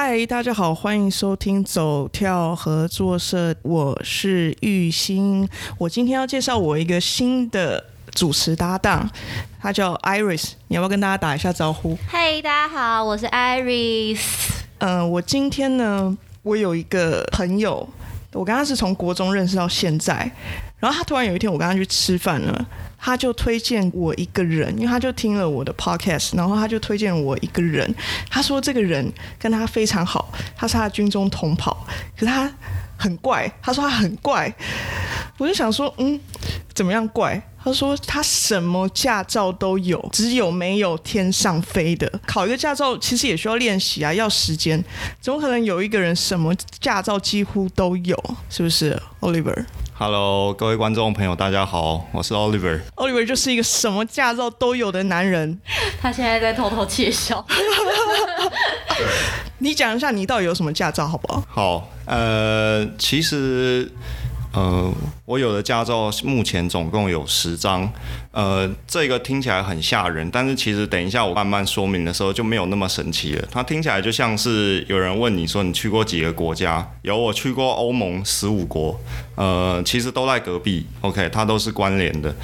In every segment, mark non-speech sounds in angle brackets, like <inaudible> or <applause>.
嗨，Hi, 大家好，歡迎收聽走跳合作社，我是玉興，我今天要介紹我一個新的主持搭檔，他叫 Iris，你要不要跟大家打一下招呼？嗨，hey, 大家好，我是 Iris，嗯，uh, 我今天呢，我有一個朋友。我跟他是從國中認識到現在，然後他突然有一天，我跟他去吃飯了，他就推薦我一個人，因為他就聽了我的 podcast，然後他就推薦我一個人，他說這個人跟他非常好，他是他的軍中同袍，可是他。很怪，他說他很怪，我就想說，嗯，怎麼樣怪？他說他什麼駕照都有，只有沒有天上飛的。考一個駕照其實也需要練習啊，要時間，怎麼可能有一個人什麼駕照幾乎都有？是不是，Oliver？Hello，各位觀眾朋友，大家好，我是 Oliver。Oliver 就是一個什麼駕照都有的男人，他現在在偷偷竊笑。 <laughs> <laughs> 你講一下你到底有什麼駕照好不好？好。呃，uh，其實，呃，uh。我有的駕照目前總共有十張，呃，這個聽起來很嚇人，但是其實等一下我慢慢說明的時候就沒有那麼神奇了。它聽起來就像是有人問你說，你去過幾個國家？有我去過歐盟十五國，呃，其實都在隔壁，OK，它都是關聯的。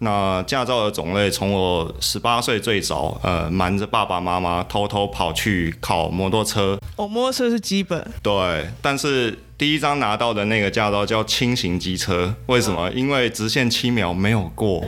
那駕照的種類從我十八歲最早，呃，瞞着爸爸媽媽偷偷跑去考摩托車。哦，摩托車是基本。對，但是第一張拿到的那個駕照叫輕型機車。為什麼？啊、因為直線七秒沒有過。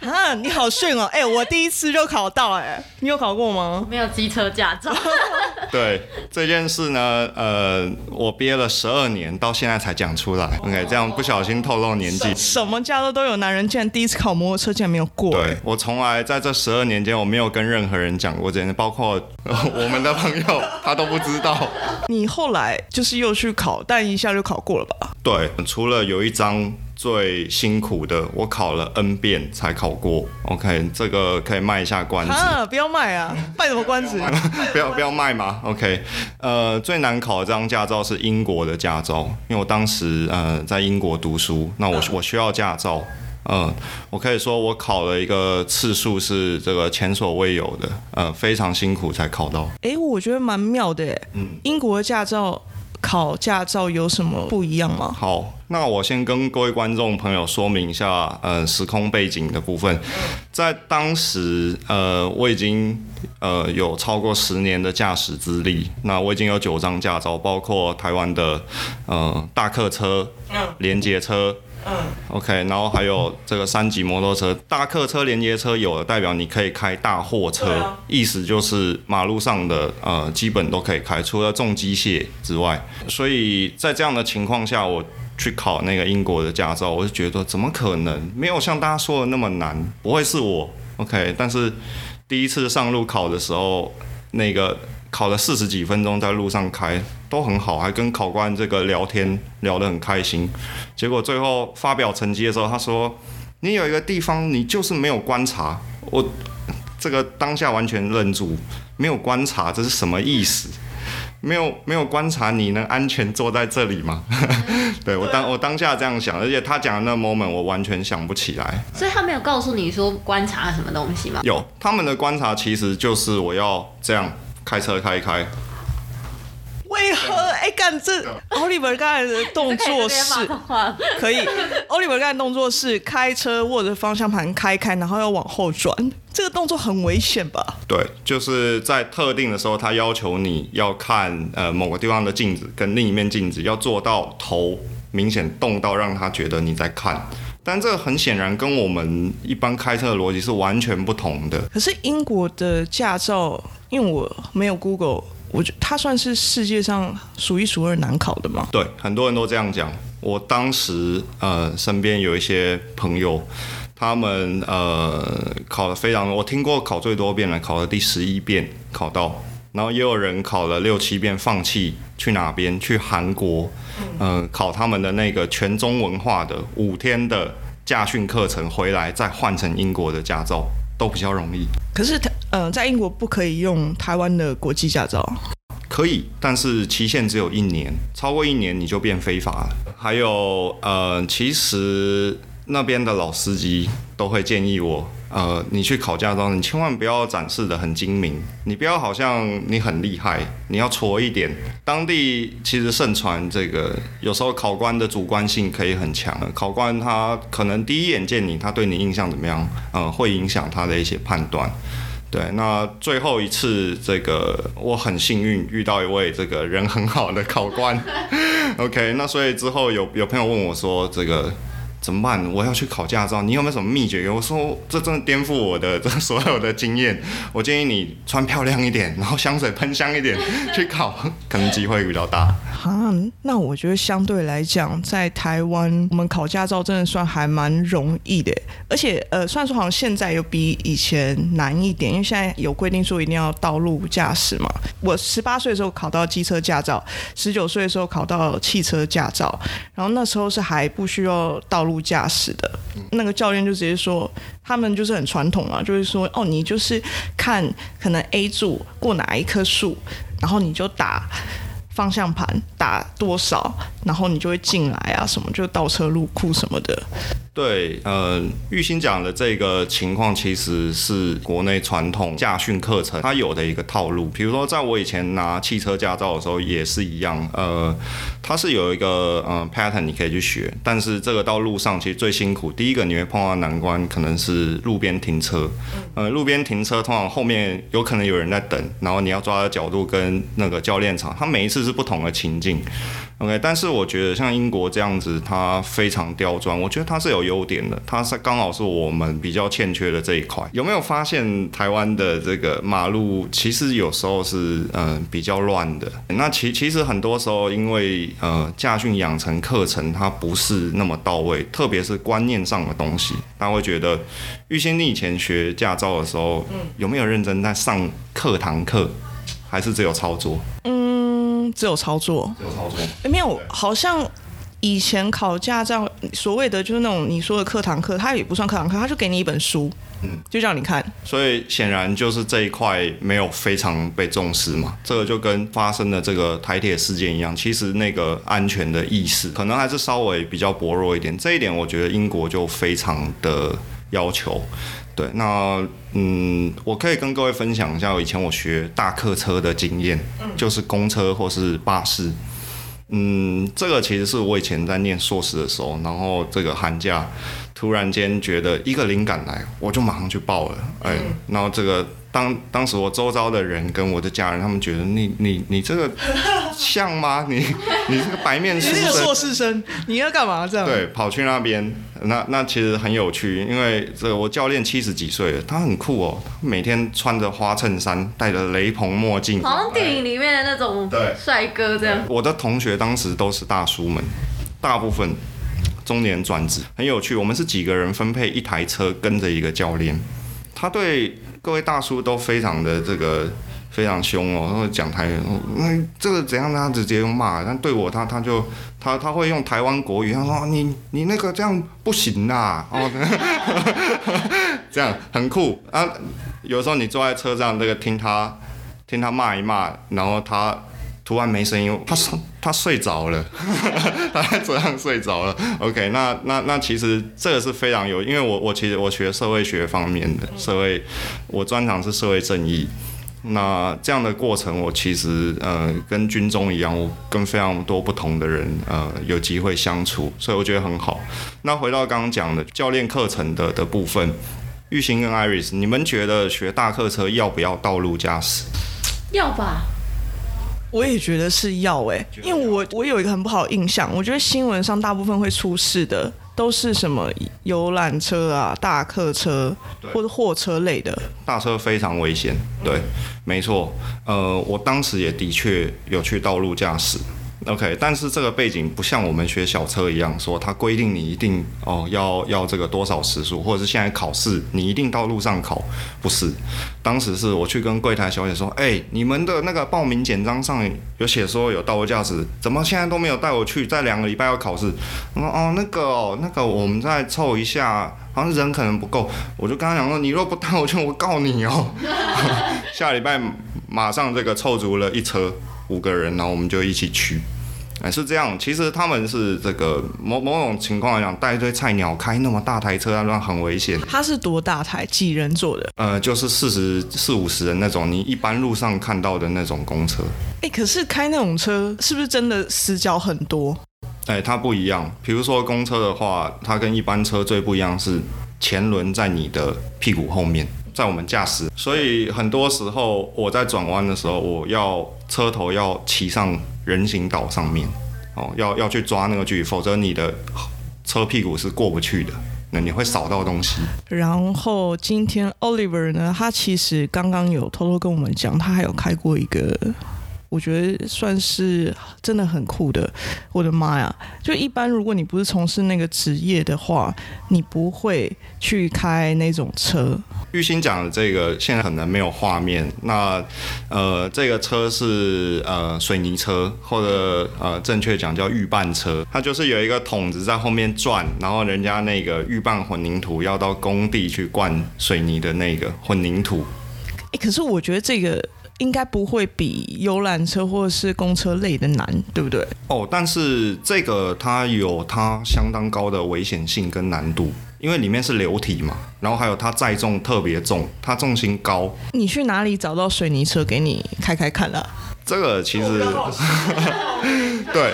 啊、你好遜哦、喔！哎、欸，我第一次就考到哎、欸，你有考過嗎？沒有機車駕照。 <laughs> 對這件事呢，呃，我憋了十二年，到現在才講出來。OK，這樣不小心透露年紀。什麼駕照都、都有男人？竟然第一次考摩托車，竟然沒有過、欸。對，我從來在這十二年間，我沒有跟任何人講過這件事，包括、呃、我們的朋友，他都不知道。 <laughs> 你後來就是又去考，但一下就考過了吧？對，除了有一張。最辛苦的，我考了 N 遍才考過。OK，這個可以賣一下關子，不要賣啊！賣什麼關子？ <laughs> 不要不要賣嗎？OK，呃，最難考的這張駕照是英國的駕照，因為我當時呃在英國讀書，那我、嗯、我需要駕照，呃我可以說我考了一個次數是這個前所未有的，呃，非常辛苦才考到。哎、欸，我覺得蠻妙的，哎、嗯，英國的駕照。考駕照有什麼不一樣嗎、嗯？好，那我先跟各位觀眾朋友說明一下，嗯、呃，時空背景的部分。在當時，呃，我已經呃有超過十年的駕駛資歷，那我已經有九張駕照，包括台灣的呃大客車、嗯、連接車。嗯，OK，然後還有這個三級摩托車、大客車連接車有的代表你可以開大貨車，啊、意思就是馬路上的呃基本都可以開，除了重機械之外。所以在這樣的情況下，我去考那個英國的駕照，我就覺得怎麼可能？沒有像大家說的那麼難，不會是我 OK？但是第一次上路考的時候，那個。考了四十幾分鐘，在路上開都很好，還跟考官這個聊天聊得很開心。結果最後發表成績的時候，他說：“你有一個地方你就是沒有觀察。”我這個當下完全愣住，沒有觀察，這是什麼意思？沒有沒有觀察，你能安全坐在這裡嗎？ <laughs> 對我當對我當下這樣想，而且他講的那 moment 我完全想不起來。所以他沒有告訴你說觀察什麼東西嗎？有，他們的觀察其實就是我要這樣。開車開一開，為何？哎、欸，幹這奧、嗯、 <laughs> 利弗剛才的動作是，可以， <laughs> 可以。奧 <laughs> 利弗剛才的動作是開車握着方向盤開開，然後要往後轉，嗯，這個動作很危險吧？對，就是在特定的時候，他要求你要看呃某個地方的鏡子跟另一面鏡子，要做到頭明顯動到讓他覺得你在看，但這個很顯然跟我們一般開車的邏輯是完全不同的。可是英國的駕照。因為我沒有 Google，我覺得它算是世界上數一數二難考的嘛。對，很多人都這樣講。我當時呃，身邊有一些朋友，他們呃考了非常，我聽過考最多遍了，考了第十一遍考到，然後也有人考了六七遍放棄去哪邊，去韓國，嗯、呃，考他們的那個全中文化的五天的駕訓課程回來再換成英國的駕照都比較容易。可是他。嗯，在英國不可以用台灣的國際駕照，可以，但是期限只有一年，超過一年你就變非法了。還有，呃，其實那邊的老司機都會建議我，呃，你去考駕照，你千萬不要展示得很精明，你不要好像你很厲害，你要挫一點。當地其實盛傳這個，有時候考官的主觀性可以很強，考官他可能第一眼見你，他對你印象怎麼樣，嗯、呃，會影響他的一些判斷。對，那最後一次這個，我很幸運遇到一位這個人很好的考官 <laughs> ，OK，那所以之後有有朋友問我說這個。怎麼辦？我要去考駕照，你有沒有什麼祕訣？我說，這真的顛覆我的這所有的經驗。我建議你穿漂亮一點，然後香水噴香一點，去考，可能機會比較大。哈、 <laughs> 啊，那我覺得相對來講，在台灣，我們考駕照真的算還蠻容易的。而且，呃，雖然說好像現在又比以前難一點，因為現在有規定說一定要道路駕駛嘛。我十八歲的時候考到機車駕照，十九歲的時候考到汽車駕照，然後那時候是還不需要道路。不駕駛的，那個教練就直接說，他們就是很傳統嘛，就是說，哦，你就是看可能 A 柱過哪一棵樹，然後你就打。方向盤打多少，然後你就會進來啊，什麼就倒車入庫什麼的。對，呃，玉鑫講的這個情況其實是國內傳統駕訓課程它有的一個套路。比如說，在我以前拿汽車駕照的時候也是一樣，呃，它是有一個嗯、呃、pattern 你可以去學，但是這個到路上其實最辛苦。第一個你會碰到難關，可能是路邊停車，呃，路邊停車通常後面有可能有人在等，然後你要抓的角度跟那個教練場，他每一次。這是不同的情境，OK。但是我覺得像英國這樣子，它非常刁鑽，我覺得它是有優點的，它是剛好是我們比較欠缺的這一塊。有沒有發現台灣的這個馬路其實有時候是嗯、呃、比較亂的？那其其實很多時候因為呃駕訓養成課程它不是那麼到位，特別是觀念上的東西，大家會覺得。玉欣你以前學駕照的時候，嗯有沒有認真在上課堂課？還是只有操作？只有操作，只有操作，欸、沒有。對好像以前考駕照，所謂的就是那種你說的課堂課，他也不算課堂課，他就給你一本書，嗯，就叫你看。所以顯然就是這一塊沒有非常被重視嘛。這個就跟發生的這個台鐵事件一樣，其實那個安全的意識可能還是稍微比較薄弱一點。這一點我覺得英國就非常的要求。對，那嗯，我可以跟各位分享一下我以前我學大客車的經驗，嗯、就是公車或是巴士。嗯，這個其實是我以前在念碩士的時候，然後這個寒假突然間覺得一個靈感來，我就馬上去報了。哎，嗯、然後這個。當當時我周遭的人跟我的家人，他們覺得，你你你這個像嗎？ <laughs> 你你這個白面書生，你是碩士生，你要幹嘛這樣？對，跑去那邊，那那其實很有趣，因為這個我教練七十幾歲了，他很酷哦、喔，每天穿着花襯衫，戴着雷朋墨鏡，好像電影裡面的那種帥哥這樣。我的同學當時都是大叔們，大部分中年轉職，很有趣。我們是幾個人分配一台車，跟着一個教練，他對。各位大叔都非常的這個非常凶哦，講台講台語，嗯，這個怎樣他直接用罵，但對我他他就他他會用台灣國語，他說，你你那個這樣不行的，啊，哦， <laughs> <laughs> 這樣很酷啊。有時候你坐在車上，這個聽他聽他罵一罵，然後他。突然沒聲音，嗯、他說他睡着了， <laughs> 他在車上睡着了。OK，那那那其實這個是非常有，因為我我其實我學社會學方面的社會，我專長是社會正義。那這樣的過程，我其實呃跟軍中一樣，我跟非常多不同的人呃有機會相處，所以我覺得很好。那回到剛剛講的教練課程的的部分，Oliver 跟 Iris，你們覺得學大客車要不要道路駕駛？要吧。我也覺得是要欸，因為我我有一個很不好印象，我覺得新聞上大部分會出事的都是什麼遊覽車啊、大客車或者貨車類的。大車非常危險，對，沒錯。呃，我當時也的確有去道路駕駛。OK，但是這個背景不像我們學小車一樣說，說他規定你一定要哦要要這個多少時速，或者是現在考試你一定到路上考，不是？當時是我去跟櫃檯小姐說，哎、欸，你們的那個報名簡章上有寫說有道路駕駛，怎麼現在都沒有帶我去？在兩個禮拜要考試，他、嗯、說哦那個哦那個我們再湊一下，好像人可能不夠，我就跟他講說，你若不帶我去，我告你哦。 <laughs> <laughs> 下禮拜馬上這個湊足了一車。五個人，然後我們就一起去，哎，是這樣。其實他們是這個某某種情況來講，帶一堆菜鳥開那麼大台車，那很危險。他是多大台？幾人坐的？呃，就是四十四五十人那種，你一般路上看到的那種公車。哎、欸，可是開那種車是不是真的死角很多？哎、欸，它不一樣。比如說公車的話，它跟一般車最不一樣是前輪在你的屁股後面。在我們駕駛，所以很多時候我在轉彎的時候，我要車頭要騎上人行道上面，哦，要要去抓那個距，否則你的車屁股是過不去的，那你會掃到東西。嗯。然後今天 Oliver 呢，他其實剛剛有偷偷跟我們講，他還有開過一個。我覺得算是真的很酷的，我的媽呀！就一般，如果你不是從事那個職業的話，你不會去開那種車。玉鑫講的這個現在可能沒有畫面，那呃，這個車是呃水泥車，或者呃正確講叫預拌車，它就是有一個桶子在後面轉，然後人家那個預拌混凝土要到工地去灌水泥的那個混凝土。哎，可是我覺得這個。應該不會比遊覽車或者是公車類的難，對不對？哦，但是這個它有它相當高的危險性跟難度，因為裡面是流體嘛，然後還有它載重特別重，它重心高。你去哪裡找到水泥車給你開開看了、啊、這個其實，哦、剛剛 <laughs> 對，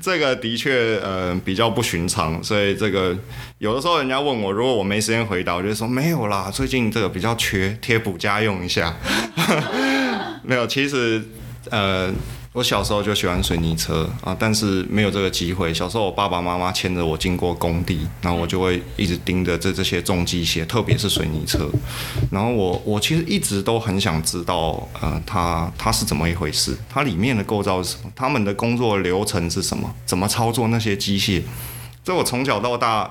這個的確呃比較不尋常，所以這個有的時候人家問我，如果我沒時間回答，我就說沒有啦，最近這個比較缺，貼補家用一下。 <laughs> 沒有，其實，呃，我小時候就喜歡水泥車啊，但是沒有這個機會。小時候我爸爸媽媽牽着我經過工地，然後我就會一直盯着這這些重機械，特別是水泥車。然後我我其實一直都很想知道，呃，它它是怎麼一回事？它裡面的構造是什麼？他們的工作流程是什麼？怎麼操作那些機械？這我從小到大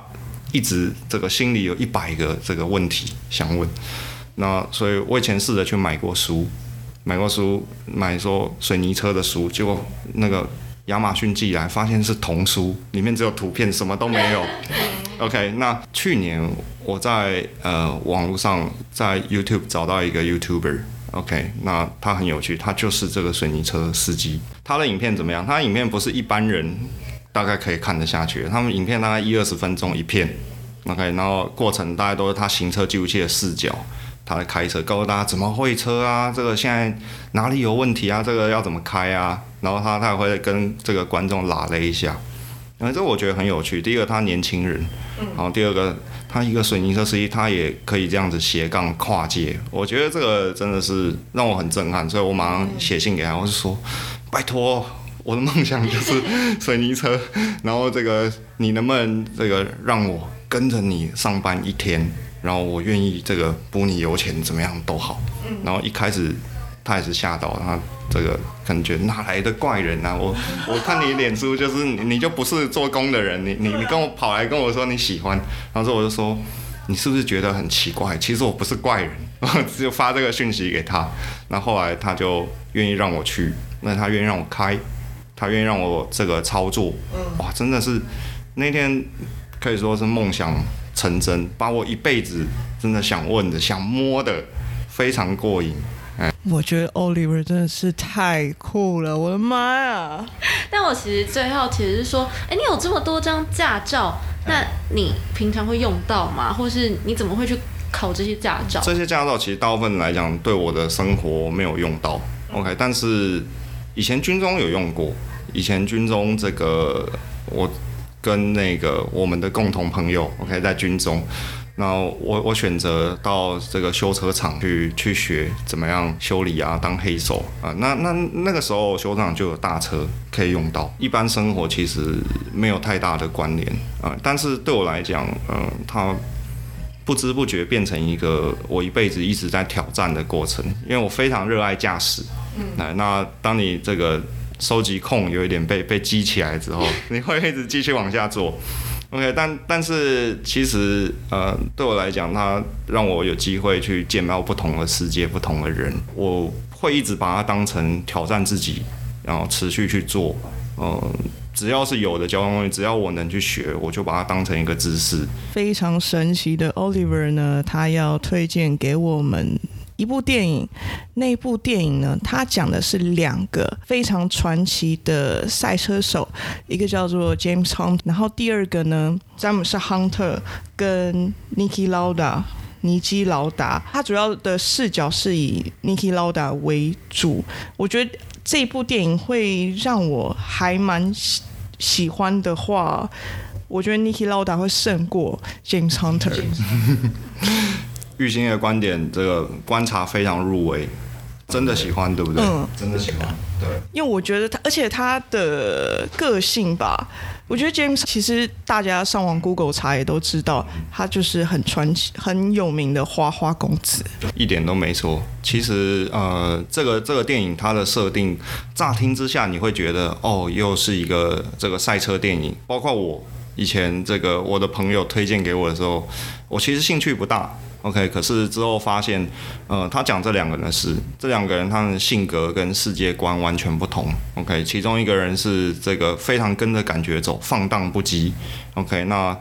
一直這個心裡有一百個這個問題想問。那所以我以前試着去買過書。買過書，買說水泥車的書，結果那個亞馬遜寄來，發現是童書，裡面只有圖片，什麼都沒有。OK，那去年我在呃網絡上，在 YouTube 找到一個 YouTuber，OK，、okay, 那他很有趣，他就是這個水泥車司機。他的影片怎麼樣？他的影片不是一般人大概可以看得下去，他們影片大概一二十分鐘一片，OK，然後過程大概都是他行車記錄器的視角。他在開車，告訴大家怎麼會車啊？這個現在哪裡有問題啊？這個要怎麼開啊？然後他他也會跟這個觀眾喇咧一下，因為這我覺得很有趣。第一個他年輕人，然後第二個他一個水泥車司機，他也可以這樣子斜槓跨界，我覺得這個真的是讓我很震撼，所以我馬上寫信給他，我就說：拜托，我的夢想就是水泥車，然後這個你能不能這個讓我跟着你上班一天？然後我願意這個補你油錢怎麼樣都好，然後一開始他也是嚇到，然後這個感覺，哪來的怪人啊？我我看你臉書就是你，你就不是做工的人，你你你跟我跑來跟我說你喜歡，然後我就說，你是不是覺得很奇怪？其實我不是怪人，我就發這個訊息給他。那後，後來他就願意讓我去，那他願意讓我開，他願意讓我這個操作，哇，真的是那天可以說是夢想。成真，把我一輩子真的想問的，想摸的，非常過癮。哎、嗯，我覺得 Oliver 真的是太酷了，我的媽呀、啊！但我其實最好奇的是說，哎、欸，你有這麼多張駕照，那你平常會用到嗎？或是你怎麼會去考這些駕照？這些駕照其實大部分來講，對我的生活沒有用到。嗯、OK，但是以前軍中有用過，以前軍中這個我。跟那個我們的共同朋友，OK，在軍中，那我我選擇到這個修車廠去去學怎麼樣修理啊，當黑手啊、呃，那那那個時候修車廠就有大車可以用到，一般生活其實沒有太大的關聯啊、呃，但是對我來講，嗯、呃，他不知不覺變成一個我一輩子一直在挑戰的過程，因為我非常熱愛駕駛，嗯，來，那當你這個。收集控有一點被被激起來之後，你會一直繼續往下做。OK，但但但是其實呃，對我來講，它讓我有機會去見到不同的世界、不同的人。我會一直把它當成挑戰自己，然後持續去做。嗯、呃，只要是有的交通工具，只要我能去學，我就把它當成一個知識。非常神奇的 Oliver 呢，他要推薦給我們。一部電影，那部電影呢？它講的是兩個非常傳奇的賽車手，一個叫做 James Hunter，然後第二個呢，詹姆斯·亨特、跟 Niki Lauda，尼基·勞達。他主要的視角是以 Niki Lauda 為主。我覺得這部電影會讓我還蠻喜歡的話，我覺得 Niki Lauda 會勝過 James Hunter。 <laughs> <laughs> 玉興的觀點，這個觀察非常入微，真的喜歡，對不對？嗯。真的喜歡，對。因為我覺得他，而且他的個性吧，我覺得 James 其實大家上網 Google 查也都知道，他就是很傳奇、很有名的花花公子。一點都沒錯。其實呃，這個這個電影它的設定，乍聽之下你會覺得哦，又是一個這個賽車電影。包括我以前這個我的朋友推薦給我的時候，我其實興趣不大。OK，可是之後發現，呃，他講這兩個人的事，這兩個人他們的性格跟世界觀完全不同。OK，其中一個人是這個非常跟着感覺走、放蕩不羈。OK，那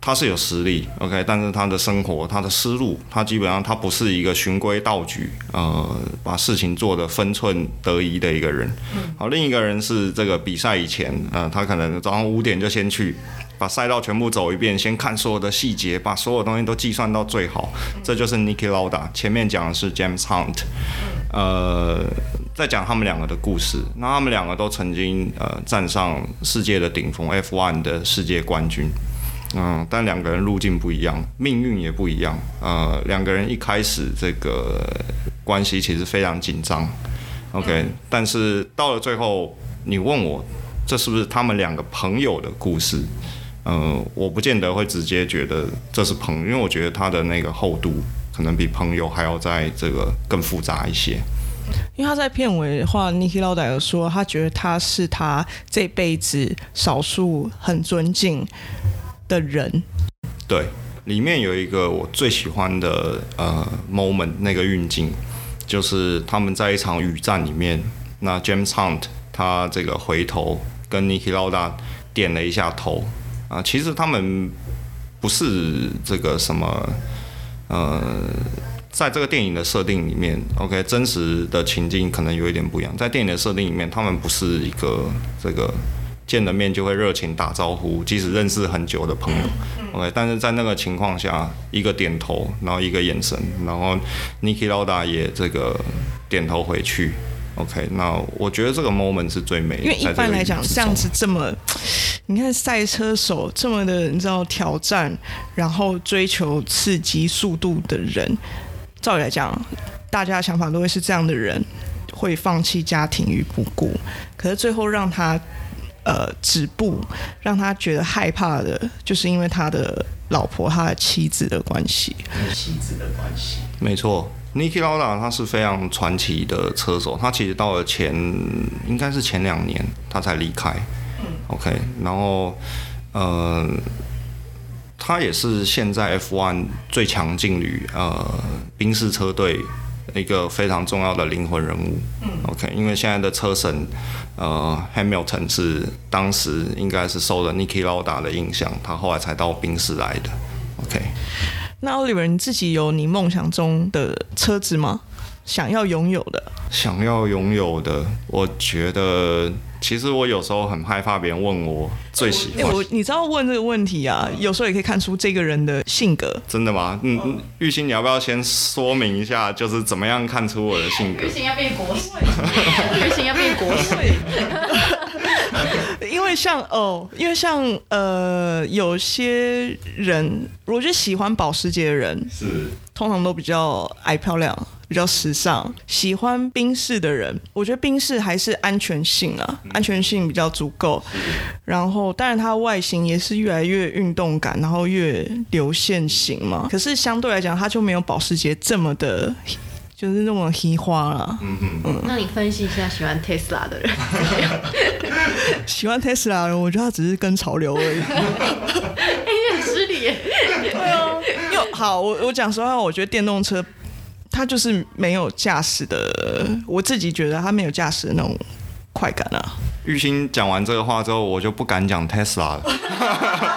他是有實力。OK，但是他的生活、他的思路，他基本上他不是一個循規蹈矩，呃，把事情做得分寸得宜的一個人。嗯、好，另一個人是這個比賽以前，呃，他可能早上五點就先去。把賽道全部走一遍，先看所有的細節，把所有的東西都計算到最好。嗯、這就是 Niki Lauda。前面講的是 James Hunt、嗯、呃，再講他們兩個的故事。那他們兩個都曾經呃站上世界的頂峰，F1 的世界冠軍。嗯、呃，但兩個人路徑不一樣，命運也不一樣。呃，兩個人一開始這個關係其實非常緊張。嗯、OK，但是到了最後，你問我這是不是他們兩個朋友的故事？嗯、呃，我不見得會直接覺得這是朋友，因為我覺得他的那個厚度可能比朋友還要再這個更複雜一些。因為他在片尾話 Niki Lauda 有說，他覺得他是他這輩子少數很尊敬的人。對，裡面有一個我最喜歡的呃 moment，那個運鏡就是他們在一場雨戰裡面，那 James Hunt 他這個回頭跟 Niki Lauda 點了一下頭。啊，其實他們不是這個什麼，呃，在這個電影的設定裡面，OK，真實的情境可能有一點不一樣。在電影的設定裡面，他們不是一個這個見了面就會熱情打招呼，即使認識很久的朋友，OK。但是在那個情況下，一個點頭，然後一個眼神，然後 Niki Lauda 也這個點頭回去。OK，那我覺得這個 moment 是最美的，因為一般來講，這，這樣子這麼，你看賽車手這麼的，你知道挑戰，然後追求刺激、速度的人，照理來講，大家的想法都會是這樣的人會放棄家庭於不顧，可是最後讓他呃止步，讓他覺得害怕的，就是因為他的老婆、他的妻子的關係，妻子的關係，沒錯。Niki Lauda，他是非常傳奇的車手，他其實到了前應該是前兩年，他才離開。嗯、OK，然後呃，他也是現在 F1 最強勁旅呃賓士車隊一個非常重要的靈魂人物。嗯、OK，因為現在的車神呃 Hamilton 是當時應該是受了 Niki Lauda 的影響，他後來才到賓士來的。OK。那 Oliver 你自己有你夢想中的車子嗎？想要擁有的？想要擁有的。我覺得，其實我有時候很害怕別人問我最喜歡。呃、我，你，我你知道問這個問題啊，嗯、有時候也可以看出這個人的性格。真的嗎？嗯嗯。玉興、哦，你要不要先說明一下，就是怎麼樣看出我的性格？玉興 <laughs> 要變國稅，玉興要變國稅。因為像哦，因為像呃，有些人，我覺得喜歡保時捷的人是通常都比較愛漂亮、比較時尚。喜歡賓士的人，我覺得賓士還是安全性啊，安全性比較足夠。是然後當然它外形也是越來越運動感，然後越流線型嘛。可是相對來講，它就沒有保時捷這麼的。就是那麼黑花了。嗯嗯哼嗯。那你分析一下喜歡特斯拉的人。 <laughs> 喜歡特斯拉的人，我覺得他只是跟潮流而已。哎呀、 <laughs> <laughs> 欸，你很失禮。哎呦、 <laughs> 啊，又好，我我講實話，我覺得電動車，它就是沒有駕駛的。嗯、我自己覺得它沒有駕駛的那種快感啊。玉興講完這個話之後，我就不敢講特斯拉了。 <laughs>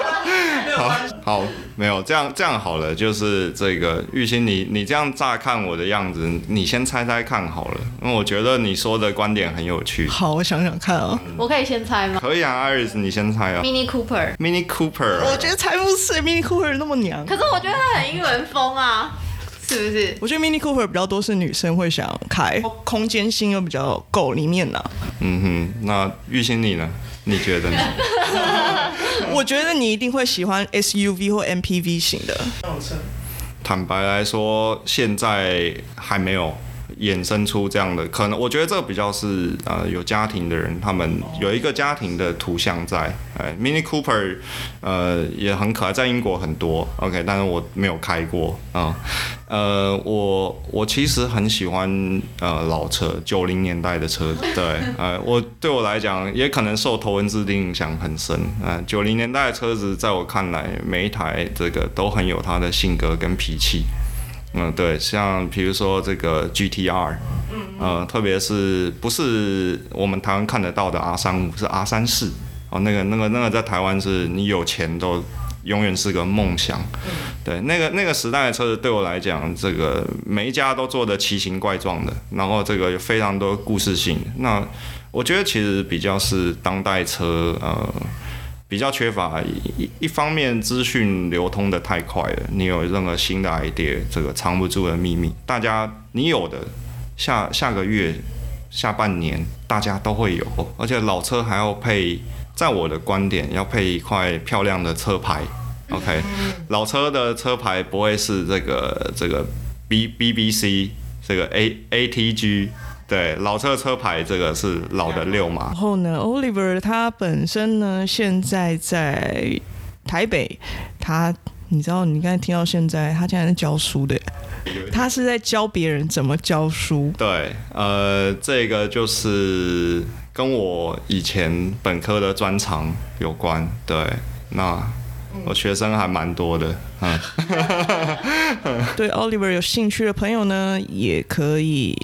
好，好，沒有這樣，這樣好了。就是這個玉鑫，你你這樣乍看我的樣子，你先猜猜看好了。那我覺得你說的觀點很有趣。好，我想想看哦，啊。嗯、我可以先猜嗎？可以啊，Iris 你先猜啊。Mini Cooper。Mini Cooper，啊。我覺得才不是，Mini Cooper 那麼娘。可是我覺得它很英倫風啊，是不是？我覺得 Mini Cooper 比較多是女生會想開，空間性又比較夠，裡面呢，啊。嗯哼，那玉鑫你呢？你覺得呢？ <laughs> 我覺得你一定會喜歡 SUV 或 MPV 型的。坦白來說，現在還沒有。衍生出這樣的可能，我覺得這個比較是呃有家庭的人，他們有一個家庭的圖像在。哎、呃、，Mini Cooper，呃也很可愛，在英國很多，OK，但是我沒有開過啊。呃，我我其實很喜歡呃老車，九零年代的車子，對，呃我對我來講，也可能受頭文字 D 影響很深。嗯、呃，九零年代的車子在我看來，每一台這個都很有他的性格跟脾氣。嗯，對，像比如說這個 GTR，呃，特別是不是我們台灣看得到的 R 35，是 R 34哦，那個那個那個在台灣是你有錢都永遠是個夢想。對，那個那個時代的車子對我來講，這個每一家都做的奇形怪狀的，然後這個有非常多故事性。那我覺得其實比較是當代車呃。比較缺乏，一一方面資訊流通的太快了，你有任何新的 idea，這個藏不住的秘密，大家你有的，下下個月、下半年大家都會有，而且老車還要配，在我的觀點要配一塊漂亮的車牌，OK，老車的車牌不會是這個這個 B B B C，這個 A A T G。對，老車車牌這個是老的六嘛？然後呢，Oliver 他本身呢，現在在台北，他你知道，你剛才聽到現在，他現在在教書的，他是在教別人怎麼教書。對，呃，這個就是跟我以前本科的專長有關。對，那我學生還蠻多的嗯，嗯 <laughs> 對 Oliver 有興趣的朋友呢，也可以。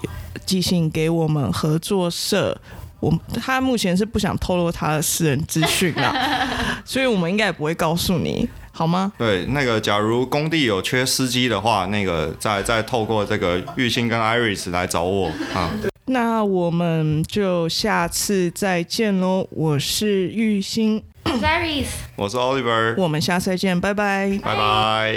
寄信給我們合作社，我他目前是不想透露他的私人資訊啦，所以我們應該也不會告訴你，好嗎？對，那個假如工地有缺司機的話，那個再再透過這個玉星跟 Iris 來找我啊。那我們就下次再見嘍，我是玉星，Iris， <coughs> 我是 Oliver，我們下次再見，拜拜，拜拜。